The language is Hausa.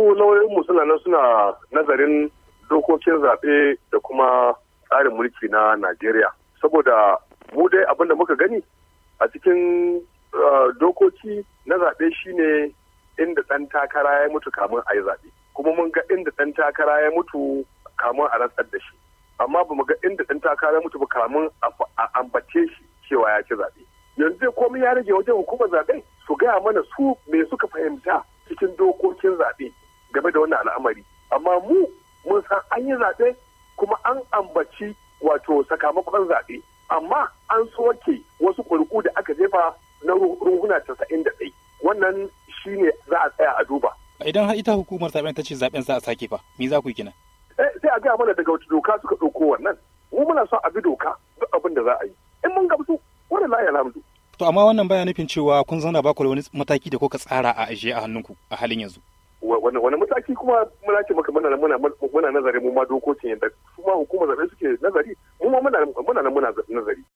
yanzu lauyoyinmu suna nan suna nazarin dokokin zaɓe da kuma tsarin mulki na Najeriya. Saboda mu dai abin da muka gani a cikin eh, dokoki na zaɓe shine inda ɗan takara ya mutu kamun a yi zaɓe. Kuma mun ga inda ɗan takara ya mutu kamun a rantsar da shi. Amma ba mu ga inda ɗan takara ya mutu ba kamun a ambace shi cewa ya ci zaɓe. Yanzu komai ya rage wajen hukumar zaɓe su gaya mana su me suka fahimta cikin dokokin zaɓe. game da wannan al'amari amma mu mun san an yi zaɓe kuma an ambaci wato sakamakon zaɓe amma an soke wasu ƙuri'u da aka jefa na ruhuna casa'in da ɗai wannan shine za a tsaya a duba. idan har ita hukumar zaɓen ta ce zaɓen za a sake fa me za ku yi kina. Eh, sai a gaya mana daga wata doka suka ɗauko wannan mu muna son a bi doka duk abin da za a yi in mun gamsu wani la alhamdu. to amma wannan baya nufin cewa kun zauna ba ku da wani mataki da kuka tsara a ajiye a hannunku a halin yanzu. wani mataki kuma muna ce maka muna muna nazari mu ma dokokin yadda su ma hukumar zabe suke nazari mu ma muna muna nazari